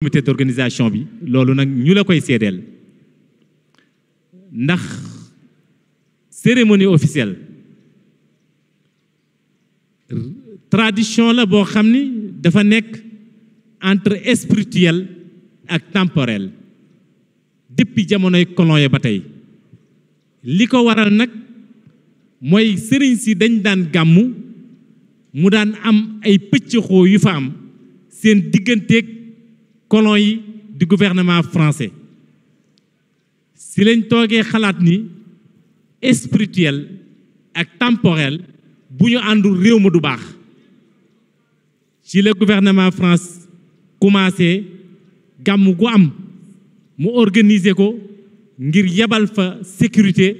comité d'organisation bi loolu nak ñu la koy sédel ndax cérémonie officielle tradition la bo xamni ni dafa nek entre spirituel ak temporel depuis jamonoy colon ya ba tey waral nak moy sëriñ si dañ dan gamu mu dan am ay pëccëxoo yu fa am seen colon du gouvernement français si lañ toogee xalaat ni spirituel ak temporel bu ñu àndul réew du baax ci le gouvernement France commencé gàmm gu am mu organiser ko ngir yebal fa sécurité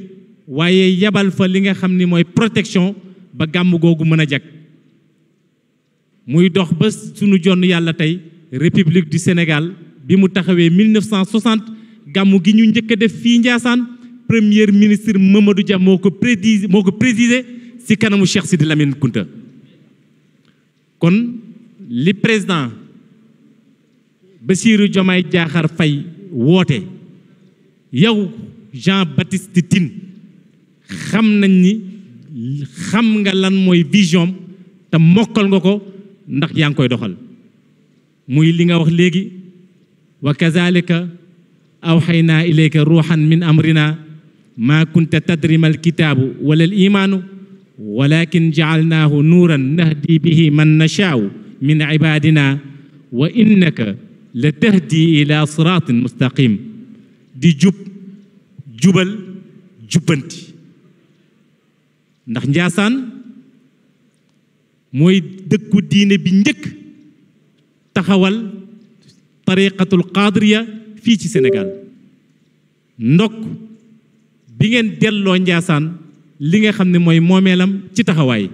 waaye yebal fa li nga xam ni protection ba gàmm googu mën a jag muy dox ba sunu jonn yàlla tey république du Sénégal bi mu taxawé 1960 gamu gi ñu njëkk def fi premier ministre Mamadou Dia moko Moko prédis moo présider ci kanamu Cheikh Sidi Lamine Kounta kon li président Bassirou Diomaye Diakhar Fay woté yow Jean Baptiste Tin, xam nañ ni xam nga lan moy vision te mokal nga ko ndax yang koy doxal muy li nga wax léegi wa kazalika awxaynaa ilayka ruuxan min amrina maa kunta tadri mal kitaabu wala al imaanu walakin jacalnaahu nuuran nahdi bihi man nashaau min cibaadina wa innaka la tahdi ila siraatin mustaqim di jub jubal jubbanti ndax njaasaan mooy dëkku diine bi njëkk taxawal tariqatul qadriya fii ci Sénégal ndokk bi ngeen delloo Njaasaan li nga xam ne mooy moomeelam ci taxawaay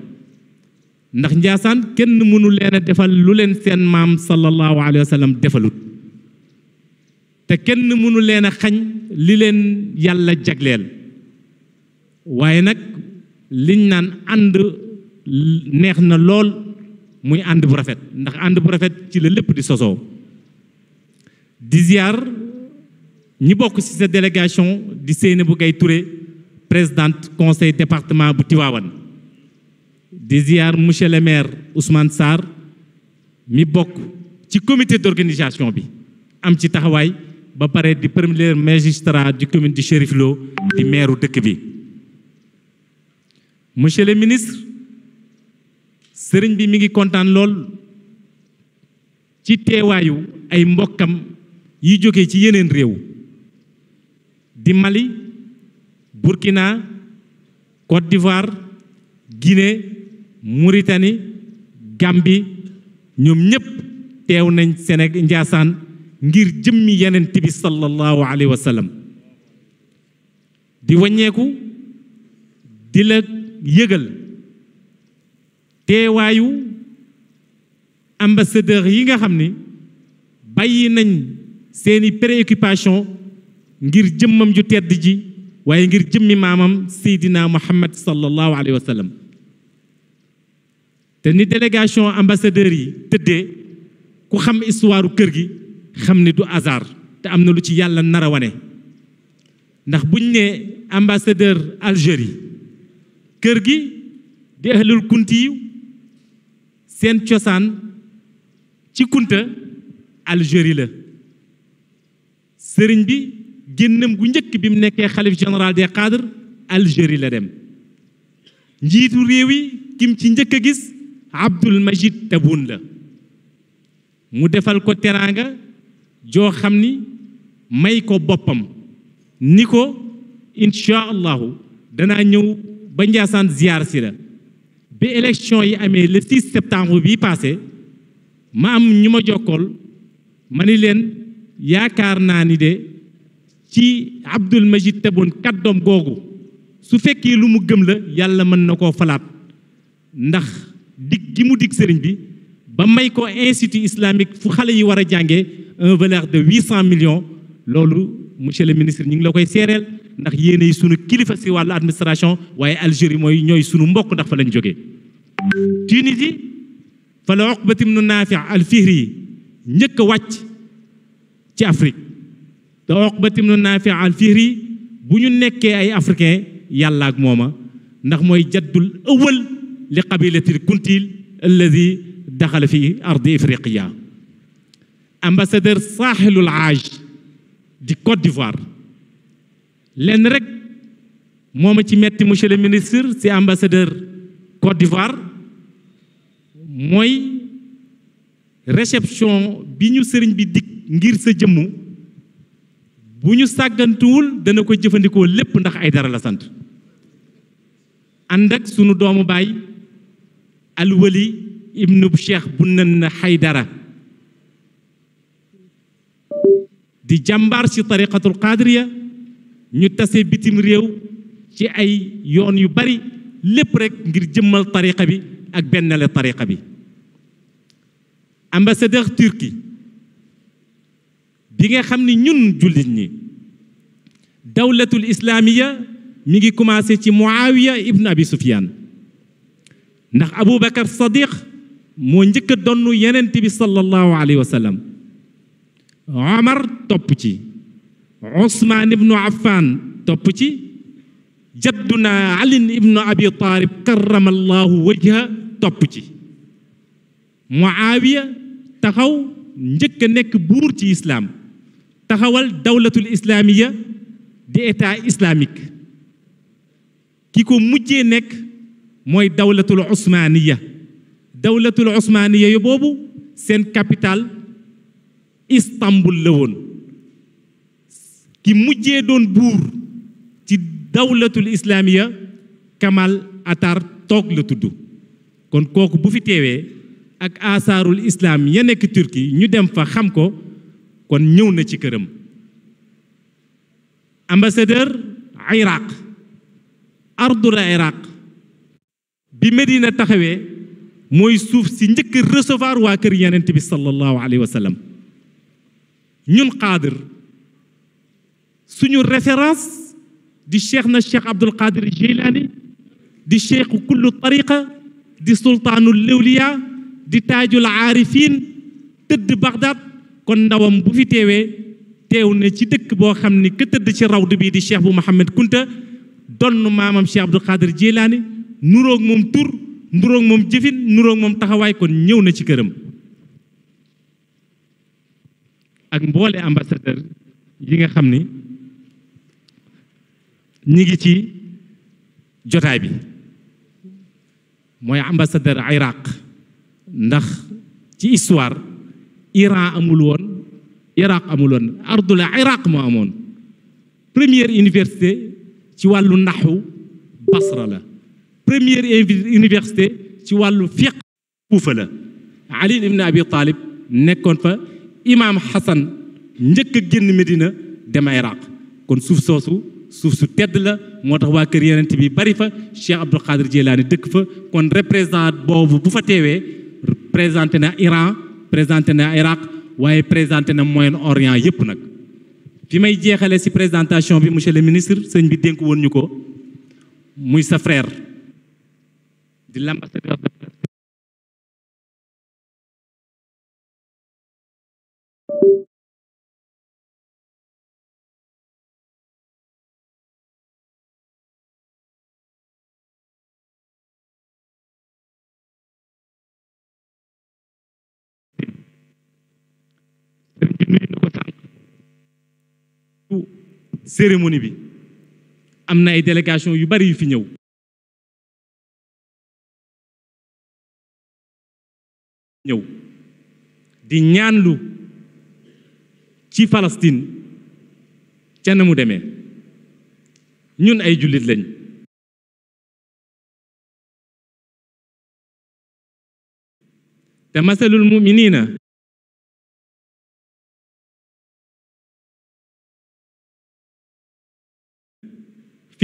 ndax Njaasaan kenn mënu leen a defal lu leen seen maam sallallahu alayhi wa sallam defalut te kenn mënu leen a xañ li leen yàlla jagleel waaye nag liñ naan ànd neex na lool muy ànd bu rafet ndax ànd bu rafet ci la lépp di sosoo di ziar ñi bokk ci sa délégation di Seynabou gay Touré présidente conseil département bu Tivaouane di ziar monsieur le maire Ousmane Sarr mi bokk ci comité d'organisation bi am ci taxawaay ba pare di premier magistrat du commune du Chérif Lo di maire dëkk bi monsieur le ministre sëriñ bi mu ngi kontaan lool ci teewaayu ay mbokkam yi jóge ci yeneen réew di Mali Burkina Côte d'Ivoire Guinée Mauritanie Gambie ñoom ñépp teew nañ Sénégal Njaasaan ngir jëmmi yenent bi sallallahu alayhi wa di waññeeku di la yëgal teewaayu ambassadeur yi nga xam ni bàyyi nañ seeni préoccupation ngir jëmmam ju tedd ji waaye ngir jëmmi maamam seydina muhammad sallallahu alayhi wa sallam te ni délégation ambassadeur yi tëddee ku xam histoire kër gi xam ni du hasard te am na lu ci yàlla nar a wane ndax buñ ne ambassadeur Algérie kër gi di ahlul kunti seen cosaan ci kunta Algérie la sëriñ bi génnam gu njëkk bi mu nekkee xalif général des cadres Algérie la dem njiitu réew yi kim ci njëkk a gis Abdoul Majid Taboun la mu defal ko teraanga joo xam ni may ko boppam ni ko incha allahu danaa ñëw ba njaasaan ziyaar si la bi élection yi amee le 6 septembre bii passé ma am ñu ma jokkool ma ni leen yaakaar naa ni de ci Abdoul Majid Tebboune kàddoom googu su fekkee lu mu gëm la yàlla mën na ko falaat ndax dig gi mu dig sëriñ bi ba may ko institut islamique fu xale yi war a jàngee un valeur de huit cent millions loolu monsieur le ministre ñu ngi la koy seereel ndax yéenay sunu kilifa si wàllu administration waaye Algérie mooy ñooy sunu mbokk ndax fa lañ jógee Tunisie fa la Uqbat ibnu Naafi al-Fihri njëkk a wàcc ci Afrique te Uqbat ibnu Naafi al-Fihri bu ñu nekkee ay africain yàlla ak mooma ndax mooy jaddul awal li qabilatil kuntiil alladi daxala fi ardi ifriqiya ambassadeur saaxilul aaj di Côte d'Ivoire lenn rek mooma ci metti monsieur le ministre si ambassadeur Côte d'Ivoire mooy réception bi ñu sëriñ bi dig ngir sa jëmm bu ñu sàggantuwul dana ko jëfandikoo lépp ndax ay dara la sant ànd ak sunu doomu baay alwali ibnu cheikh bu nan xaydara di jàmbaar ci tariqatul qadiriya ñu tase bitim réew ci ay yoon yu bari lépp rek ngir jëmmal tariqa bi ak le tariqa bi ambassadeur turki bi nga xam ni ñun jullit ñi dawlatul islamiya mi ngi commencé ci Muawiya ibn Abi Sufyan ndax Aboubacar Sadiq moo njëkk a donn yenent bi sallallahu alayhi wa sallam Omar topp ci Ousmane ibnu Affan topp ci علي بن ابي طالب كرم الله وجهه topp ci muawiya taxaw njëkk a nekk buur ci islaam taxawal dawlatul islaamiya di état islamique ki ko mujjee nekk mooy dawlatul osmaaniya dawlatul osmaaniya yo boobu seen capitale Istanbul la woon ki mujjee doon buur ci dawlatul islaamiya Kamal Atar toog la tudd kon kooku bu fi teewee ak asaarul islam ya nekk turki ñu dem fa xam ko kon ñëw na ci këram ambassadeur iraq ardul iraq bi Medina taxawee mooy suuf si njëkk recevoir waa kër yonent bi sallallahu alayhi wa sallam ñun qadir suñu référence di cheikh na cheikh abdul qadir jilani di cheikh kullu tariqa di sultaanul lewliya di taajul aarifiin tëdd Bagdad kon ndawam bu fi teewee teew na ci dëkk boo xam ni ka tëdd ci rawdu bii di cheikh bu Mouhamed Kunta donn maamam cheikh Abdou Khadir Jilaani nuroog moom tur nuroog moom jëfin nuroog moom taxawaay kon ñëw na ci këram ak mboole ambassadeur yi nga xam ni ñi ngi ci jotaay bi mooy ambassadeur Irak ndax ci histoire Iran amul woon Irak amul woon ardul Irak moo amoon première université ci wàllu naxu Basra la première université ci wàllu fiq Kuufa la Ali ibn Abi Talib nekkoon fa imaam Xasan njëkk a génn Medina dem Irak kon suuf soosu suuf su tedd la moo tax waa kër yenent bi bari fa Cheikh Abdou Khadir ne dëkk fa kon représentant boobu bu fa teewee présenté na Iran présenté na Irak waaye présenté na Moyen-Orient yépp nag fi may jeexale ci présentation bi monsieur le ministre sëñ bi dénk woon ñu ko muy sa frère di l'ambassadeur cérémonie bi am na ay délégation yu bari yu fi ñëw ñëw di ñaanlu ci Palestine ca na mu demee ñun ay jullit lañ te masalul muminina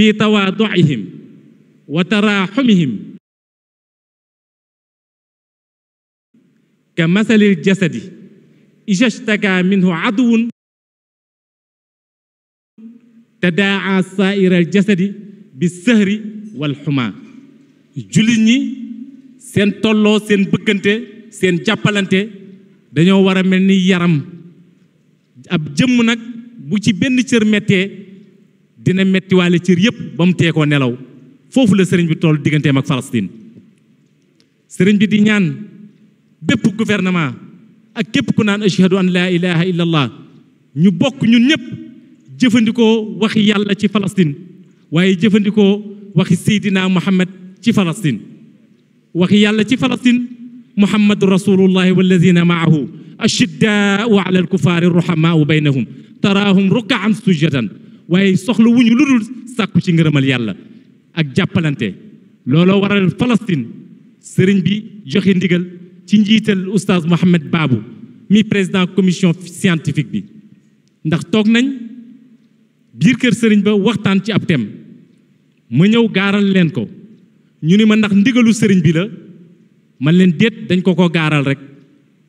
fi tawaaduihim wa taraaxumihim ka masalil jasadi saa'iral jasadi bi sëhri wal xumaa jullit ñi seen tolloo seen bëggante seen jàppalante dañoo war a mel ni yaram ab jëmm nag bu ci benn cër mettee dina metti waale cër yëpp ba mu tee nelaw foofu la sëriñ bi tool digganteem ak Palestine sëriñ bi di ñaan bépp gouvernement ak képp ku naan ashhadu an laa ilaha illa ñu bokk ñun ñëpp jëfandikoo waxi yàlla ci Palestine waaye jëfandikoo waxi seydina muhammad ci Palestine waxi yàlla ci Palestine muhammadu rasulullahi walladina maahu ashiddaau ala alkufaari ruhamaau baynahum taraahum rukaan sujadan waaye soxla wuñu lu dul sàkku ci ngërëmal yàlla ak jàppalante looloo waral Palestine sëriñ bi joxe ndigal ci njiital oustaz Mohamed Babou mi président commission scientifique bi ndax toog nañ biir kër sëriñ ba waxtaan ci ab thème ma ñëw gaaral leen ko ñu ni ma ndax ndigalu sëriñ bi la man leen déet dañ ko ko gaaral rek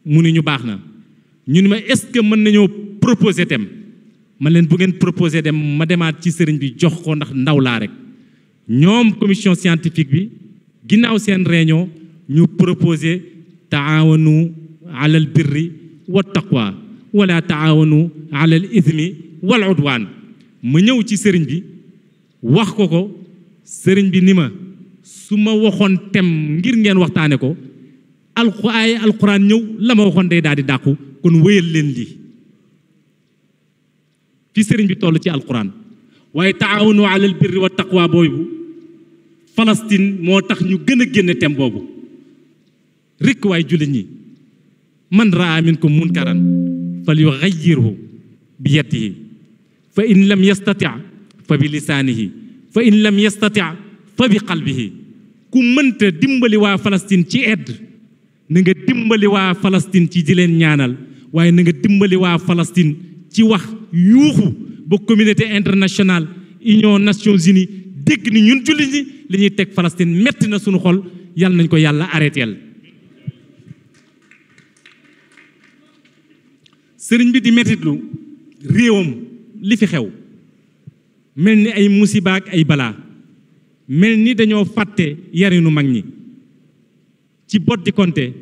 mu ni ñu baax na ñu ni ma est-ce que mën nañoo proposer thème ma leen bu ngeen proposé dem ma demaat ci sëriñ bi jox ko ndax ndaw laa rek ñoom commission scientifique bi ginnaaw seen réunion ñu proposé taawanu alal birri wa taqwa wala taawanu alal ithmi wal udwaan ma ñëw ci sëriñ bi wax ko ko sëriñ bi ni ma su ma waxoon tem ngir ngeen waxtaane ko alqu ay alquran ñëw la ma waxoon day daal di dàqu kon wéyal leen lii في سيرن بي تولو القران واي تعاونوا على البر والتقوى بويبو فلسطين مو تخ ني غنا ген تيم بوبو ريك واي جولي ني من را منكم منكرا فليغيره بيده فان لم يستطع فبلسانه فان لم يستطع فبقلبه كم من تدمبلي وا فلسطين تي اد نغا دمبلي وا فلسطين تي جيلين نيانال واي نغا دمبلي وا فلسطين تي واخ yuuxu ba communauté internationale union nations unies dégg ni ñun jullit ñi li ñuy teg Palestine metti na sunu xol yàlla nañ ko yàlla arrêteel sëriñ bi di mettitlu réewam li fi xew mel ni ay musibaak ay balaa mel ni dañoo fàtte yarinu mag ñi ci boddikonte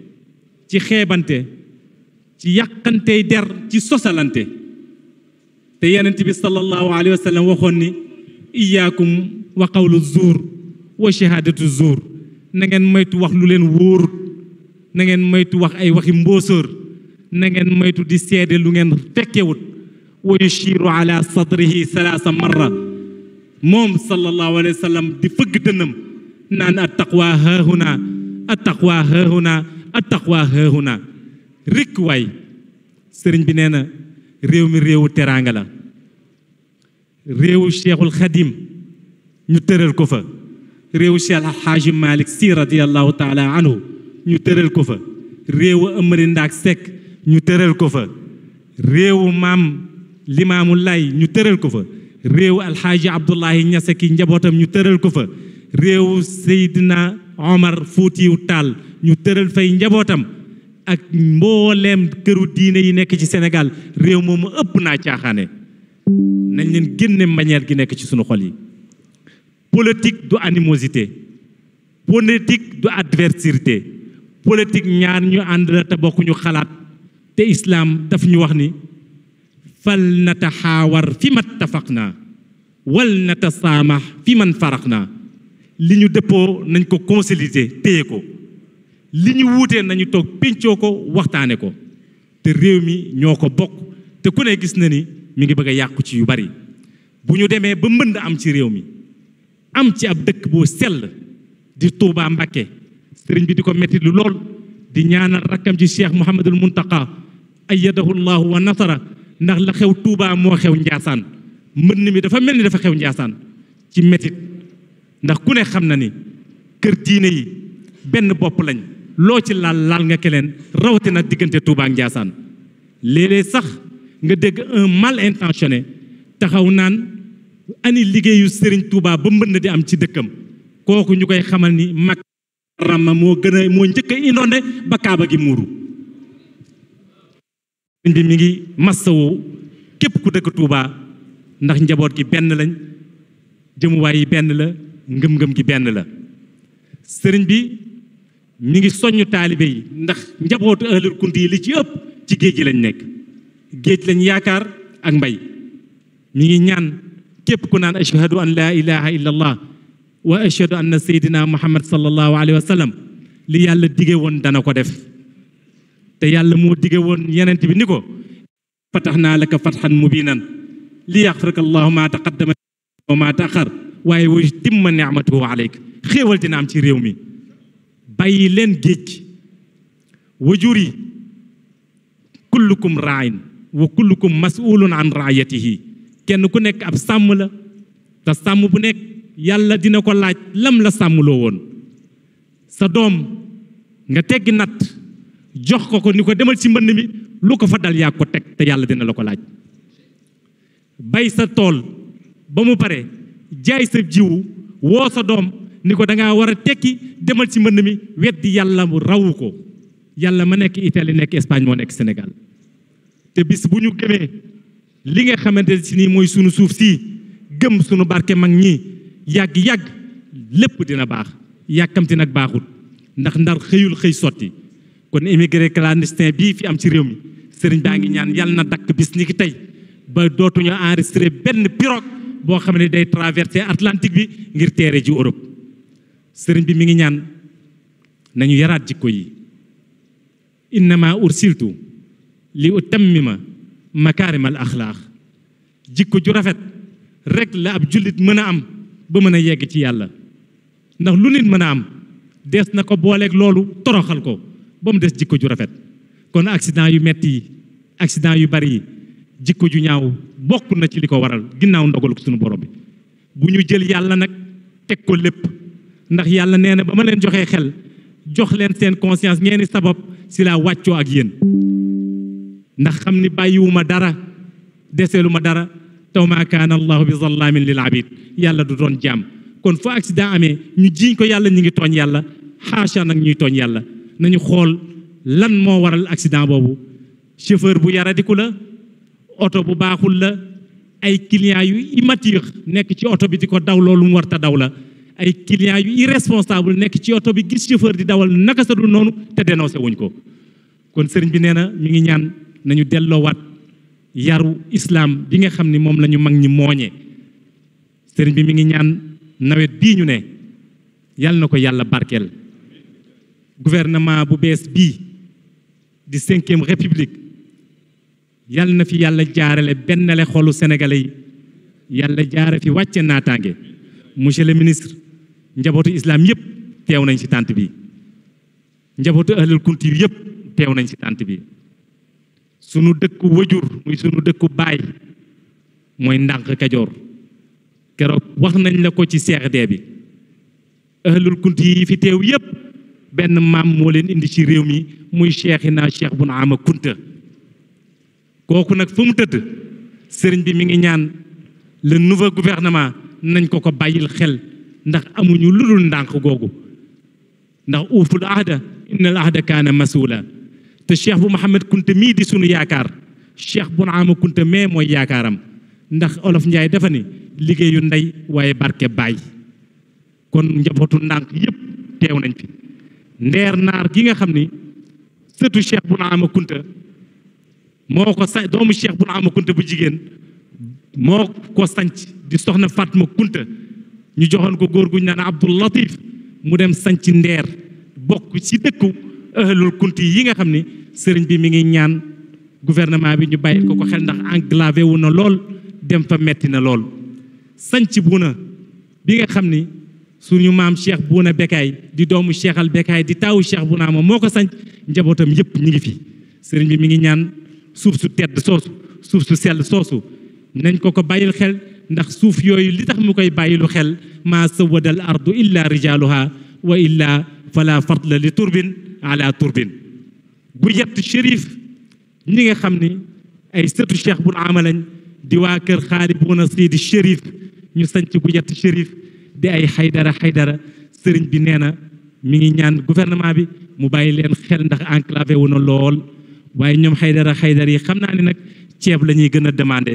ci xeebante ci yàqantey der ci sosalante te yonent bi sallallahu alayhi wa sallam waxoon ni iyaakum wa qawlu zuur wa shahaadatu zuur na ngeen moytu wax lu leen wóor na ngeen moytu wax ay waxi mbóosóor na ngeen moytu di seede lu ngeen fekkewut wa yushiru ala sadrihi salaasa marra moom sallallahu alayhi wa sallam di fëgg dënnam naan at taqwa haahuna at taqwa haahuna at taqwa haahuna rikk waay sëriñ bi nee na réew mi réewu teraanga la réewu cheikhul xadim ñu tëral ko fa réewu cheikh alxaaji malik si radiallahu taala anhu ñu tëral ko fa réewu ëmari ndaak sekk ñu tëral ko fa réewu maam limaamu lay ñu tëral ko fa réewu alxaaji abdullahi ñase ki njabootam ñu tëral ko fa réewu seydina omar fuutiyu taal ñu tëral fay njabootam ak mbooleem këru diine yi nekk ci Sénégal réew moomu ëpp naa caaxaane nañ leen génne manière gi nekk ci suñu xol yi politique du animosité politique du adversité politique ñaar ñu ànd la te bokkuñu xalaat te islaam daf ñu wax ni fal nataxaawar fi ma tafaq naa wal natasaamax fi man farax naa li ñu dëppoo nañ ko consolider téye ko li ñu wuutee nañu toog péncoo ko waxtaane ko te réew mi ñoo ko bokk te ku ne gis na ni mi ngi bëgg a yàqu ci yu bari bu ñu demee ba mbënd am ci réew mi am ci ab dëkk boo sell di Touba Mbakke sëriñ bi di ko mettit lu lool di ñaanal rakkam ci cheikh Mouhamadul Muntaqa ayyadahu llahu wa nasara ndax la xew Touba moo xew Njaasaan mbënd mi dafa mel ni dafa xew Njaasaan ci mettit ndax ku ne xam na ni kër diine yi benn bopp lañ loo ci laal laal nga keneen rawatina diggante Touba ak Ndiassane léeg sax nga dégg un intentionné taxaw naan ani liggéeyu sëriñ Touba ba mbënd di am ci dëkkam kooku ñu koy xamal ni mag ramma moo gën a moo njëkk a inondé ba kaaba gi muuru bi mi ngi massawu képp ku dëkk Touba ndax njaboot gi benn lañ jëmuwaay yi benn la ngëm-ngëm gi benn la sëriñ bi mi ngi soññ taalibe yi ndax njabootu ahlul kunti yi li ci ëpp ci géej gi lañ nekk géej lañ yaakaar ak mbay mi ngi ñaan képp ku naan ashhadu an laa ilaha illa allah wa ashhadu anna sayyidina muhammad sallallahu alayhi wa li yàlla dige woon dana ko def te yàlla moo dige woon yenent bi ni ko naa laka fathan mubinan li yaxfiraka allahu ma taqaddama wa ma taaxar waaye wa yutimma nicmatahu alayk xéewal dina am ci réew mi bàyyi leen géej gi wajur yi kullukum raayin wa kullukum mas'ulun an raayatihi kenn ku nekk ab sàmm la te sàmm bu nekk yàlla dina ko laaj lam la sàmmloo woon sa doom nga teggi natt jox ko ko ni ko demal ci mbënn mi lu ko fa dal yaa ko teg te yàlla dina la ko laaj bay sa tool ba mu pare jaay sa jiwu woo sa doom ni ko danga war a tekki demal ci mbënn mi weddi yàlla mu rawu ko yàlla ma nekk Italie nekk Espagne moo nekk Sénégal te bis bu ñu gëmee li nga xamante si nii mooy sunu suuf si gëm sunu barke mag ñi yàgg-yàgg lépp dina baax yàkkamti nag baaxut ndax ndar xëyul xëy sotti kon immigré clandestin bii fi am ci réew mi sëriñ baa ngi ñaan yàlla na dakk bis ñi ki tey ba dootuñu enregistré benn pirogue boo xam ne day traversé Atlantique bi ngir teere ji Europe sëriñ bi mu ngi ñaan nañu yaraat jikko yi innama ursiltu li utammima makaarimal axlaax jikko ju rafet rek la ab jullit mën a am ba mën a yegg ci yàlla ndax lu nit mën a am des na ko booleeg loolu toroxal ko ba mu des jikko ju rafet kon accident yu metti yi accident yu bari yi jikko ju ñaaw bokk na ci li ko waral ginnaaw ndogalu sunu boro bi bu ñu jël yàlla nag teg ko lépp ndax yàlla nee na ba ma leen joxee xel jox leen seen conscience ngeen sabab si laa wàccoo ak yéen ndax xam ni bàyyiwuma dara deseelu ma dara taw ma kaana allahu bi zallaamin lil abid yàlla du doon jaam kon foo accident amee ñu jiiñ ko yàlla ñu ngi tooñ yàlla xaasha nag ñuy tooñ yàlla nañu xool lan moo waral accident boobu chauffeur bu yaradiku la oto bu baaxul la ay clients yu immature nekk ci oto bi di ko daw loolu mu warta daw la ay client yu irresponsable nek ci auto bi gis chauffeur di dawal naka sa te dénoncé wuñ ko kon serigne bi nee mi ngi ñaan nañu yaru islam bi nga xamni mom lañu mag ñi moñé serigne bi mi ngi ñaan nawet ñu né nako yalla barkel gouvernement bu bes bi di cinquième république yàlla na fi yalla jaarale le xolu sénégalais yi Yalla jaare fi wàcce naataange monsieur le ministre njabootu islaam yëpp teew nañ ci tànt bi njabootu ahlul kuntiir yëpp teew nañ ci tànt bi sunu dëkku wajur muy sunu dëkku baay mooy ndànk kajoor keroog wax nañ la ko ci CRD bi ahlul kuntiir yi fi teew yëpp benn maam moo leen indi ci réew mi muy naa bu Cheikh am Ama Kunta kooku nag fa mu tëdd sëriñ bi mu ngi ñaan le nouveau gouvernement nañ ko ko bàyyil xel ndax amuñu lu dul ndànk googu ndax uuful ahda innal ahda kaana masuula te cheikh bu Mouhamed Kunta mii di sunu yaakaar cheikh bu Naama Kunta mee mooy yaakaaram ndax olof Njaay dafa ni liggéeyu ndey waaye barke baay kon njabootu ndànk yépp teew nañ fi ndeer naar gi nga xam ni sëtu cheikh bu Naama Kunta moo ko sa doomu cheikh bu Naama Kunta bu jigéen moo ko sanc di soxna Fatma Kunta ñu joxoon ko góor guñ naan a Abdul Latif mu dem sanc ndeer bokk ci dëkku ahlul kunti yi nga xam ne sëriñ bi mi ngi ñaan gouvernement bi ñu bàyyi ko ko xel ndax enclavé wu na lool dem fa metti na lool sanc Buuna bi nga xam ni suñu maam Cheikh Buuna bekkaay di doomu Cheikh al Bekaay di taawu bu Buuna ma moo ko sanc njabootam yëpp ñu ngi fi sëriñ bi mi ngi ñaan suuf su tedd soosu suuf su sell soosu nañ ko ko bàyyil xel ndax suuf yooyu li tax mu koy bàyyilu xel ma sawada al ardu illa rijaluha wa illa fala fadla li turbin ala turbin bu yett shérif ñi nga xam ni ay sëtu cheikh bun lañ di waa kër xaali buuna siidi shérif ñu sanc bu yett shérif di ay xaydara xaydara sëriñ bi nee na mi ngi ñaan gouvernement bi mu bàyyi leen xel ndax enclavé wu na lool waaye ñoom xaydara xaydar yi xam naa ne nag ceeb la ñuy gën a demandé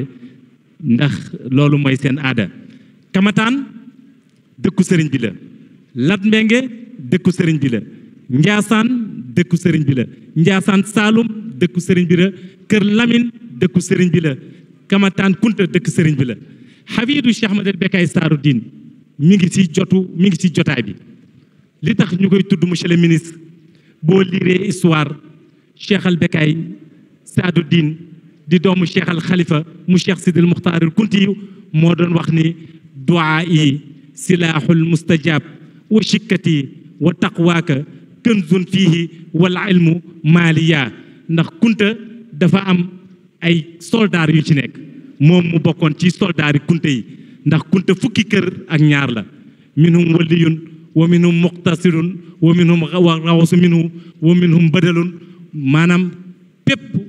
ndax loolu mooy seen aada kamataan dëkku sëriñ bi la lat mbenge dëkku sëriñ bi la njaasaan dëkku sëriñ bi la njaasaan saalum dëkku sëriñ bi la kër lamin dëkku sëriñ bi la kamataan kunta dëkk sëriñ bi la xafiidu Cheikh Ahmadal Bekaay Saaru Diin mi ngi ci jotu mi ngi ci jotaay bi li tax ñu koy tudd monsieur le ministre boo liiree histoire Cheikh al Bekaay Diin di doomu cheikh al khalifa mu cheikh sidil al kunti mo doon wax ni duaa yi mustajab wa shikati wa taqwaka kanzun fihi wal ilmu maliya ndax kunta dafa am ay soldar yu ci nek mom mu bokkoon ci soldaari kunta yi ndax kunta fukki keur ak ñaar la minhum waliyun wa minhum muqtasirun wa minhum wa minhu wa minhum badalun manam pep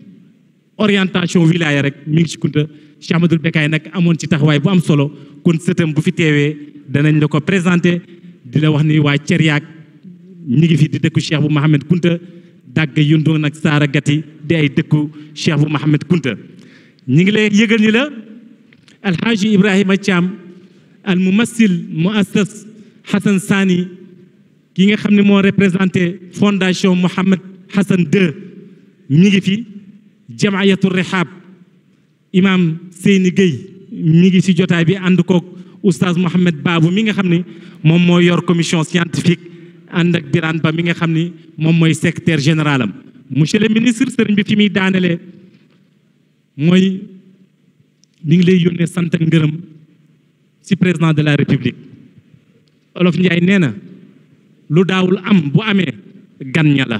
orientation wilaya rek mi ngi ci Kunta Cheikh Ahmadou Becaye nag amoon ci taxawaay bu am solo kon sëtam bu fi teewee danañ la ko présenté di la wax ni waa Ceriak ñi ngi fi di dëkku Cheikh bu Mahamed Kunta dàgg yundoo nag saara gati di ay dëkku Cheikh bu Mahamed Kunta ñi ngi lay yëgal ni la alxaaji Ibrahima Thiam al mumassil muassas Hassan Sani ki nga xam ne moo représenté fondation Mohammed Hassan II mi ngi fi jamaayatu rihab imam Seyni Gueye mi ngi ci jotaay bi ànd koog oustaz Mohamed Babou mi nga xam ni moom moo yor commission scientifique ànd ak Birane Ba mi nga xam ni moom mooy secrétaire général am monsieur le ministre sëriñ bi fi muy daanelee mooy mi ngi lay yónnee sant ak ngërëm ci président de la république olof Ndiaye nee na lu daawul am bu amee gan ña la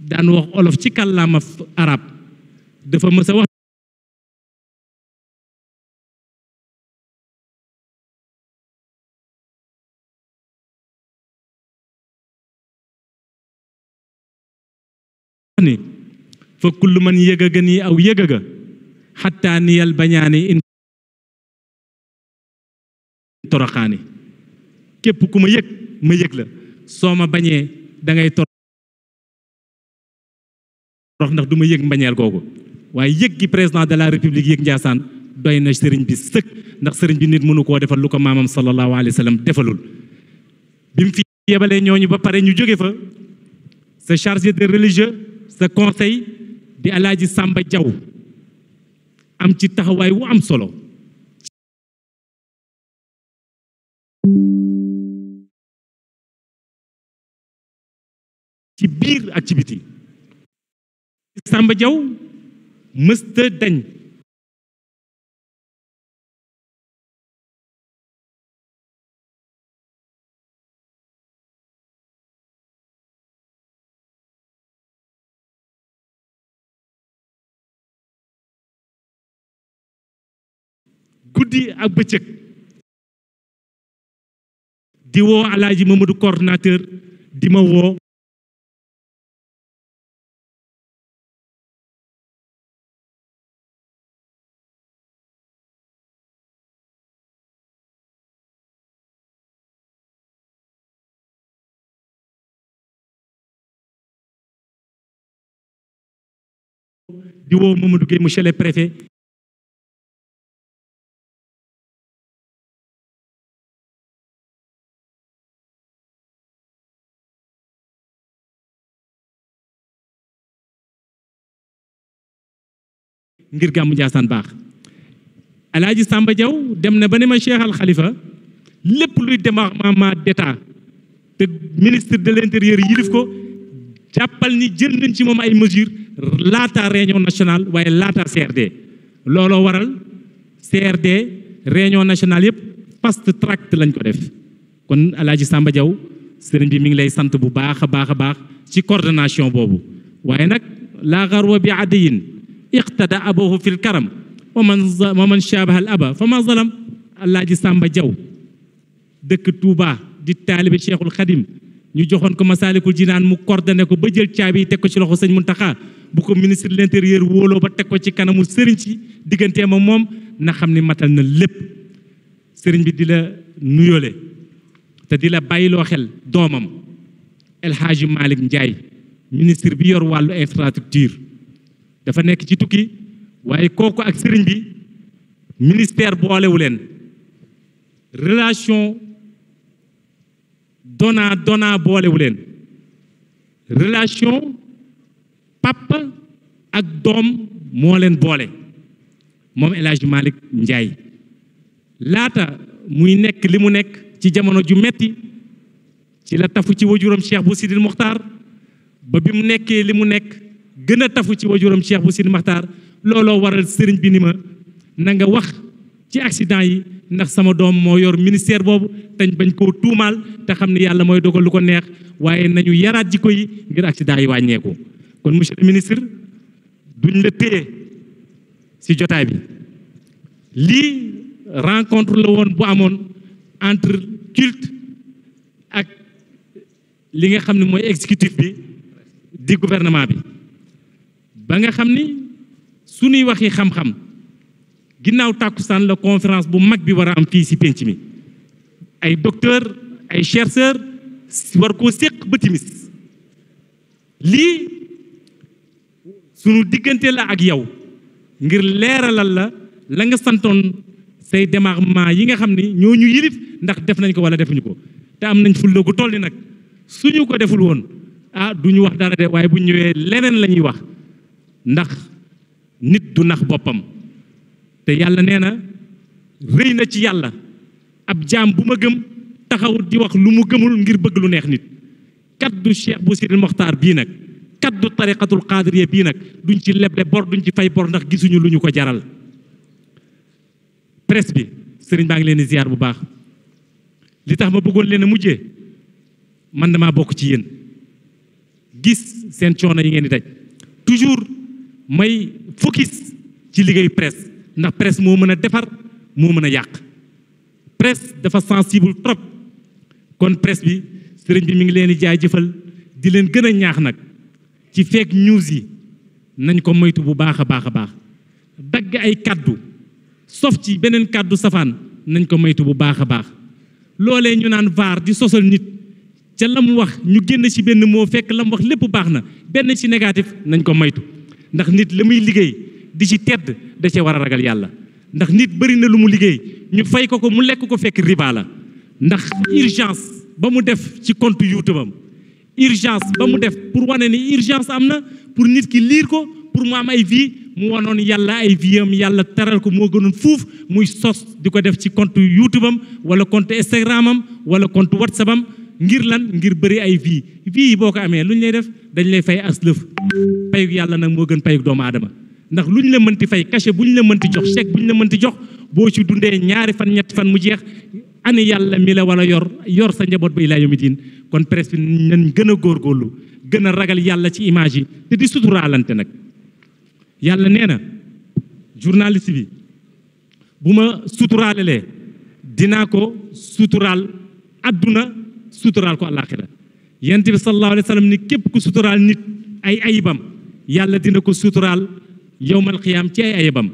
Dan wax olof ci kalam arab dafa mës a wax ni fa kullu man yëgaga nii aw hatta ni niyal bañani in toroxaani kep kuma yek ma yek la soma bañe da ngay tor rox ndax du ma yëg mbañeel googu waaye yëg gi président de la république yëg Ndiassane doy na sëriñ bi sëkk ndax sëriñ bi nit mënu koo defal lu ko maamam sallallahu alayhi wa sallam defalul bi mu fi yebalee ñooñu ba pare ñu jóge fa sa chargé de religieux sa conseil di alaaji Samba Diaw am ci taxawaay wu am solo ci Samba jauh, mësta dañ Gudi ak bëccëg di woo alaaji Mamadou coordinateur di ma di woo Mamadou Gueye monsieur le ngir gàmmu Ndiassane baax alaaji Samba Diaw dem na ba ne ma Cheikh Al lépp luy démembrement d'état te ministre de l'intérieur yilif ko jàppal ni jël nañ ci moom ay mesures laata réunion nationale waaye laata CRD looloo waral CRD réunion nationale yëpp fast track lañ ko def kon Alaaji Samba Diaw sëriñ bi mi ngi lay sant bu baax a baax a baax ci coordination boobu waaye nag laa garwa bi adiyin iqtada abahu fil karam wa man wa man shabaha al aba fa ma zalam Alaaji Samba Diaw dëkk Touba di taalibe Cheikhul Khadim ñu joxoon ko Masaalikul Jinaan mu coordonné ko ba jël caabi teg ko ci loxo sëñ Muntaxa bu ko ministre de l'intérieur wóoloo ba teg ko ci kanamu sëriñ ci digganteem ak moom na xam ni matal na lépp sëriñ bi di la nuyoole te di la bàyyiloo xel doomam El Hadji Malick Ndiaye ministre bi yor wàllu infrastructure dafa nekk ci tukki waaye kooku ak sëriñ bi ministère boolewu leen relation donnant donnant boolewu leen relation papa ak doom moo leen boole moom El Hadj Malick Ndiaye laata muy nekk li mu nekk ci jamono ju metti ci la tafu ci wajuram cheikh bu sidil muxtaar ba bi mu nekkee li mu nekk gën a tafu ci wajuram cheikh bu sidil muxtaar looloo waral sëriñ bi ni ma na nga wax ci accident yi ndax sama doom moo yor ministère boobu tañ bañ koo tuumaal te xam ne yàlla mooy dogal lu ko neex waaye nañu yaraat jikko yi ngir accident yi wàññeeku monsieur le ministre duñ la téye ci jotaay bi lii rencontre le woon bu entre culte ak li nga xam ne exécutif bi di gouvernement bi ba nga xam ni suñuy waxi xam-xam ginnaaw la conférence bu mag bi war a am fii ci mi ay docteur ay chercheur war koo séq sunu diggante la ak yow ngir leeralal la la nga santoon say démarquement yi nga xam ne ñoo ñu yilif ndax def nañ ko wala defuñu ko te am nañ fulla gu toll ni nag suñu ko deful woon ah du ñu wax dara de waaye bu ñëwee leneen la ñuy wax ndax nit du nax boppam te yàlla nee na rëy na ci yàlla ab jaam bu ma gëm taxawut di wax lu mu gëmul ngir bëgg lu neex nit du cheikh bu sidil moxtaar bii nag kaddu tariqatul qaadiriya bii nag duñ ci leble bor duñ ci fay bor ndax gisuñu lu ñu ko jaral presse bi sëriñ baa ngi leen di bu baax li tax ma bëggoon leen a mujjee man damaa bokk ci yéen gis seen coono yi ngeen di daj toujours may fukkis ci liggéeyu presse ndax presse moo mën a defar moo mën a yàq presse dafa sensible trop kon presse bi sëriñ bi mu ngi leen di jëfal di leen gën a ñaax nag ci fake news yi nañ ko moytu bu baax a baax a baax dagg ay kàddu sof ci beneen kàddu safaan nañ ko moytu bu baax a baax loolee ñu naan vaar di sosal nit ca la mu wax ñu génn ci benn moo fekk la mu wax lépp baax na benn ci négatif nañ ko moytu ndax nit la muy liggéey di ci tedd da cee war a ragal yàlla ndax nit bëri na lu mu liggéey ñu fay ko ko mu lekk ko fekk riba la ndax urgence ba mu def ci compte youtube am urgence ba mu def pour wane ni urgence am na pour nit ki liir ko pour mu am ay vie mu wanoon yàlla ay vie yàlla teral ko moo gënoon fuuf muy sos di ko def ci compte youtube am wala compte instagram am wala compte whatsapp am ngir lan ngir bëri ay vie vie yi boo ko amee lu ñu lay def dañ lay fay as lëf payug yàlla nag moo gën payug doomu aadama ndax lu ñu la mënti fay cachet bu ñu la mënti jox chèque bu ñu la mënti jox boo ci dundee ñaari fan ñetti fan mu jeex ani yàlla mi la war a yor yor sa njaboot ba ilaa yawmi diin kon presse bi nañ gën a góorgóorlu gën a ragal yàlla ci image yi te di suturaalante nag yàlla nee na journaliste bi bu ma suturaalalee dinaa ko suturaal adduna suturaal ko àllaaxira yonent bi sallallahu alayhi wa sallam ni képp ku suturaal nit ay ayibam yàlla dina ko suturaal yowmal qiyaam ci ay ayibam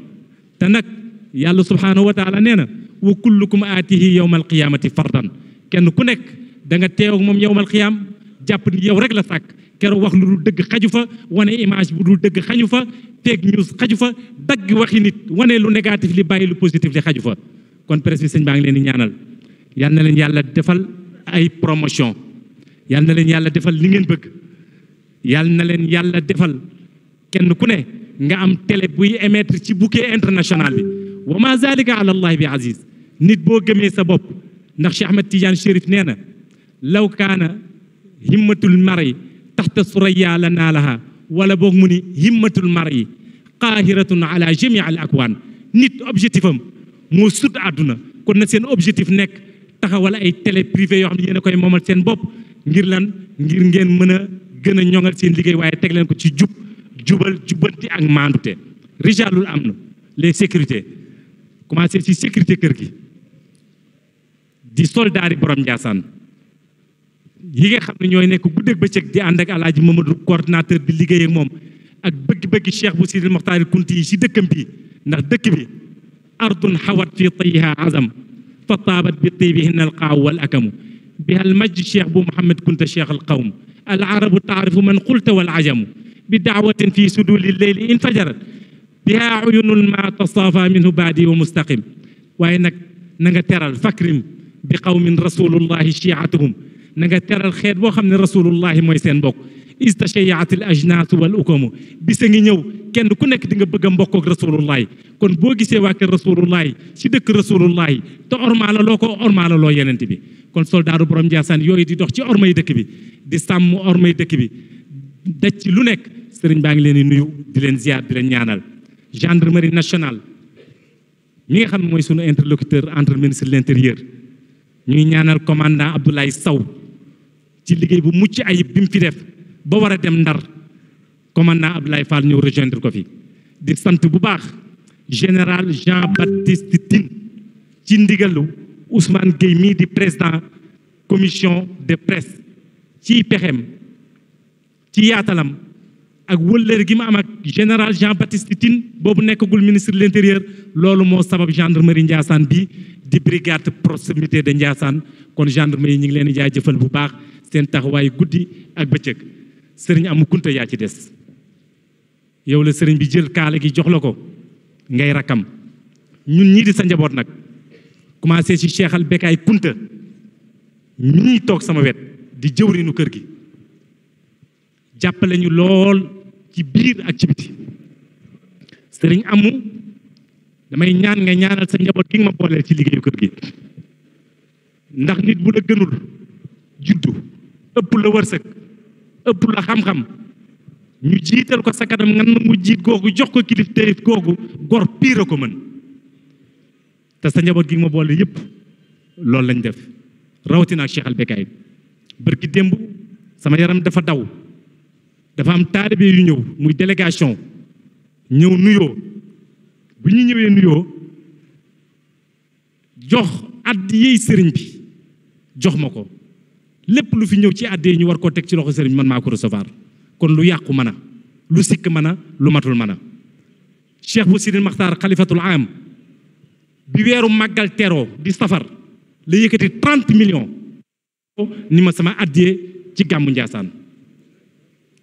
te nag yàlla subhaanahu wa taala nee na wa kullukum aatihi yowmal qiyaamati fardan kenn ku nekk danga nga teew ak moom yowmal qiyaam jàpp ni yow rek la sàkk keroog wax lu dul dëgg xaju fa wane image bu dul dëgg xaju fa fake news xaju fa dagg waxi nit wane lu négatif li bàyyi lu positif li xaju fa kon presse bi sëñ baa ngi leen di ñaanal yal na leen yàlla defal ay promotion yal na leen yàlla defal li ngeen bëgg yal na leen yàlla defal kenn ku ne nga am télé buy émetre ci bouquet international bi وما ذلك على الله بعزيز نيت بو گمي سبب ناخ شيخ احمد تيجان شريف نينا لو كان همت المري تحت ثريا لنا لها ولا بو موني همت المري قاهره على جميع الاكوان نيت اوبجيكتيفم مو سوت ادنا كون سين اوبجيكتيف نيك تخاول اي تيلي بريفي يو خامي كاي مومال سين بوب غير لان غير نين مانا گنا نيونغال سين ليغي واي تيك لين كو سي جوب جوبل جوبنتي اك ماندوتي رجال الامن لي سيكوريتي commencé ci sécurité kër gi di soldaari borom Ndiassane yi nga xam ne ñooy nekk guddeeg bëccëg di ànd ak alaaji Mamadou coordinateur di liggéey ak moom ak bëgg-bëgg cheikh bu Sidil Moxtaari Kunti yi ci dëkkam bi ndax dëkk bi ardun xawat fi tayha azam fa taabat bi tibihinna al qaaw wal akamu biha al majd cheikh bu Mouhamed Kunta cheikh al qawm al arabu taarifu man qulta wal ajamu bi daawatin fi suduli leyli in fajarat biha uyunun ma tasafa minhu baadi wa mustaqim waaye nag na nga teral fakrim bi qawmin rasulullahi shiatuhum na nga teral xeet boo xam ne rasulullahi mooy seen mbokk istachayaat al ajnaatu wal ukamu bisa ngi ñëw kenn ku nekk di nga bëgg a mbokk ak rasulullahi kon boo gisee waa kër rasulullahi si dëkk rasulullahi te ormaala loo ko ormaala loo yenent bi kon soldaatu borom Njaasaan yooyu di dox ci ormay dëkk bi di sàmm ormay dëkk bi daj ci lu nekk sëriñ baa ngi leen di nuyu di leen ziar di leen ñaanal gendarmerie nationale Nous sommes interlocuteurs entre le interlocuteur entre ministre de l'intérieur ñuy le commandant Abdoulaye Saw, ci liggéey bu mucc ayib bi fi dem ndar commandant Abdoulaye Fall ñëw rejoindre ko fi di sant bu baax général Jean Baptiste Tin, ci Ousmane Gueye mii di président commission de presse ci pexem ci ak wëllër gi ma am ak général Jean Baptiste Tine bobu nekkul ministre de l'intérieur lolu mo sabab gendarmerie Ndiassane bi di brigade proximité de Ndiassane kon gendarmerie ñi ngi leen di jaajëfal bu baax seen taxaway guddii ak bëccëg serigne amu kunta ya ci des yow la serigne bi jël kala gi jox lako ngay rakam ñun ñi di sa njabot nak commencé ci cheikhal bekay Kunta ñi tok sama wet di jëwriñu kër gi jappalé ñu lool ci biir activité sëriñ amu damay ñaan nga ñaanal sa njaboot gi ma booleel ci liggéeyu kër gi ndax nit bu la gënul juddu ëpp la wërsëg ëpp la xam-xam ñu jiital ko sa kanam nga mu jiit googu jox ko kilif téyit googu gor piir ko mën te sa njaboot gi ma boole yépp loolu lañ def rawatina ak Cheikh Albekaay barki démb sama yaram dafa daw dafa am taalibe yu ñëw muy délégation ñëw nuyoo bu ñu ñëwee nuyoo jox nous sëriñ bi jox ma ko lépp lu fi ñëw ci ñu war ko teg ci loxo sëriñ man maa recevoir kon lu yàqu mën lu sikk mën lu matul mën cheikh 30 millions ni ma sama ci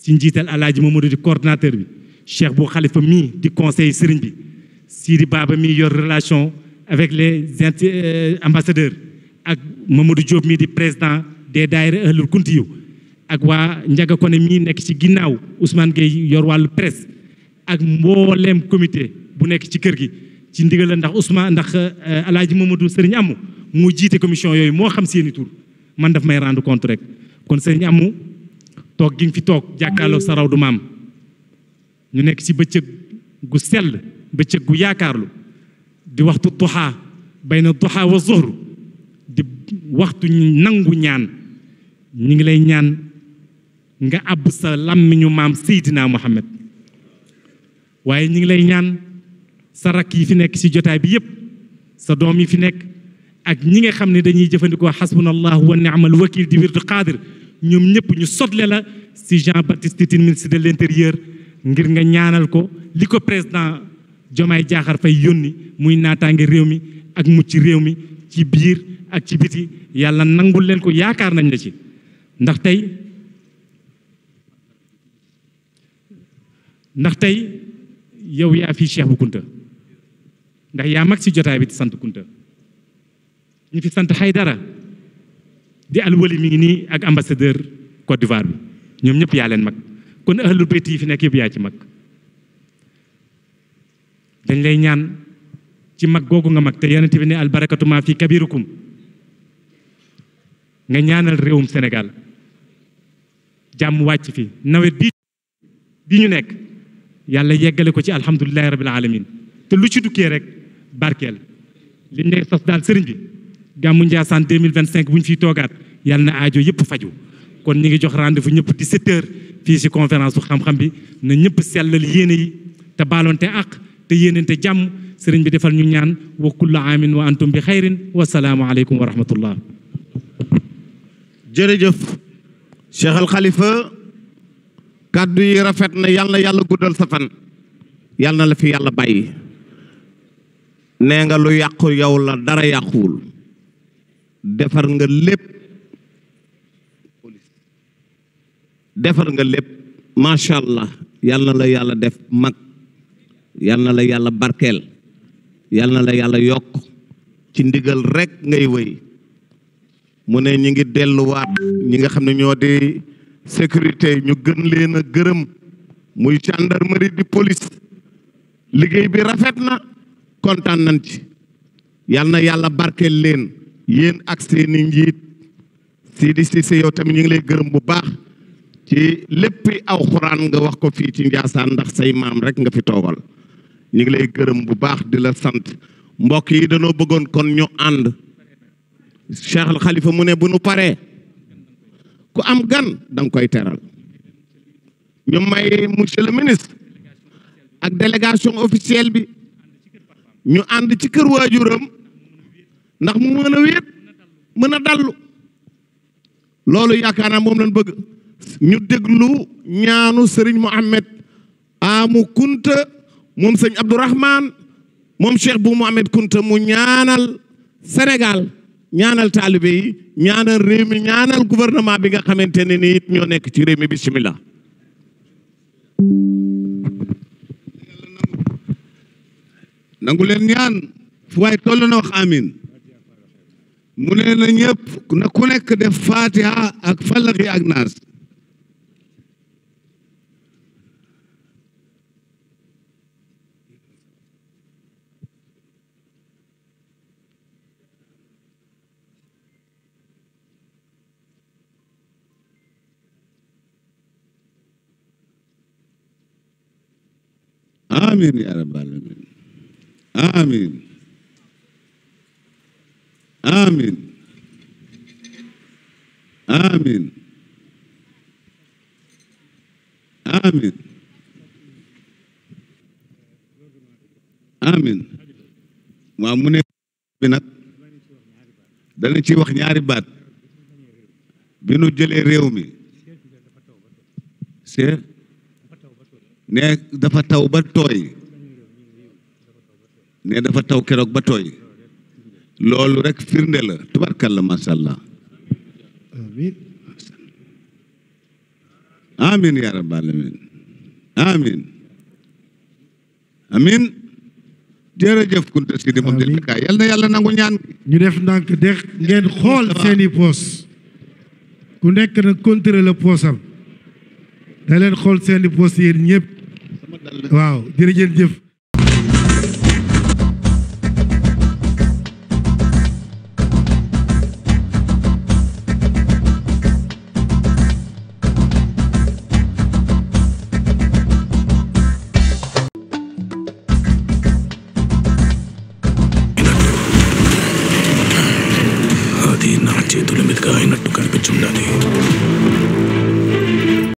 si njiital alaaji Momodou, di coordonnateur bi cheikh Bou Khalifa, du conseil serigne bi Sidi Baba yor relation avec les euh, ambassadeurs ak président des ahlul ak Ndiaga Kone Ousmane yor presse ak comité bu nek ci ci ndax Ousmane ndax euh, Momodou, commission xam man daf may rendre compte tok gi nga fi tok jàkkaarloog sa raw du maam ñu nek ci bëccëg gu sel bëccëg gu yaakaarlu di waxtu tuha bayna tuha wa zuhr di waxtu nangu ñaan ñi ngi lay ñaan nga ab sa làmmiñu mam sayidina muhammad waye ñi ngi lay ñaan sa rak yi fi nek ci jotay bi yépp sa dom yi fi nek ak ñi nga xamne dañuy jëfëndiko hasbunallahu wa ni'mal wakil di wirdu qadir ñoom ñëpp ñu sotle la si Jean Baptiste Tine ministre de l'intérieur ngir nga ñaanal ko li ko président Diomaye Diakhar Faye yónni muy naataange réew mi ak ci réew mi ci biir ak ci biti yàlla nangul leen ko yaakaar nañ la ci ndax tey ndax tey yow yaa fi Cheikh bu Kunta ndax yaa mag si jotaay bi sant Kunta ñu fi sant dara di alwali mi ngi nii ak ambassadeur Côte d'Ivoire bi ñoom ñëpp yaa leen mag kon ahlul bayt yi fi nekk yëpp yaa ci mag dañ lay ñaan ci mag googu nga mag te yonent bi ne albarakatu ma fi kabirukum nga ñaanal réewum Sénégal jàmm wàcc fi nawet bii bi ñu nekk yàlla yeggale ko ci alhamdulilahi rabil alamin te lu ci dukkee rek barkeel liñ lay sos daal sëriñ bi gàmmu Ndiassane 2025 buñ fi togat yalla na aajo yep faju kon ñi ngi jox rendez-vous di 7 h fi ci conférence bu xam-xam bi na ñep selal yene yi te balonté ak te yéenente jam serigne bi defal ñu ñaan wa kullu amin wa antum bi khairin wa salamu alaykum wa rahmatullah jërëjëf Cheikh Al Khalifa kaddu yi rafet na yalla yalla guddal sa fan yalla na la fi yalla bàyyi ne nga lu yaqku yow la dara yaqul defar nga lépp defar nga lépp macha allah yàlla na la yàlla def mag yàlla na la yàlla barkeel yàlla na la yàlla yokk ci ndigal rek ngay wéy mu ne ñi ngi delluwaat ñi nga xam ne ñoo di sécurité ñu gën leen a gërëm muy gendarmerie di police liggéey bi rafet na kontaan nañ ci yàlla na yàlla barkeel leen Yen ak seeni njiit Sidi Cissé yow tam ñu ngi lay gërëm bu baax ci lepp aw xuraan nga wax ko fi ci ndiasan ndax say mam rek nga fi togal ñu ngi lay gërëm bu baax di la sante mbokk yi dañu bëggoon kon ñu and Cheikh Al Khalifa mu ne bu nu paré ku am gan dang koy teral ñu may monsieur le ministre ak délégation officielle bi ñu and ci kër wajuram ndax mu mën a wéet mën a dallu loolu yaakaar naa moom lañ bëgg ñu déglu ñaanu sëriñ Mohamed Amou Kunta moom sëñ Abdourahman moom cheikh bu Mohamed Kunta mu ñaanal Sénégal ñaanal taalibe yi ñaanal réew mi ñaanal gouvernement bi nga xamante ne ni it ñoo nekk ci réew mi bisimilah. nangu leen ñaan fu waay toll na wax amin mu ne na ñëpp na ku nekk def fatiha ak falaxi ak naas آمين يا رب العالمين آمين Amin. Amin. Amin. Amin. waaw binat, ne bi nag dana ci wax ñaari baat bi nu jëlee réew mi ne dafa taw ba ne dafa taw keroog ba loolu rek firnde la tubarkalla macha allah amin amin ya rabbal alamin amin amin jërëjëf Kunta Sidi moom yal na yàlla nangu ñaan ñu def ndànk de ngeen xool seeni poos ku nekk nag contrôle la poosam da leen xool seeni poos yéen ñëpp waaw jërëjëf jëf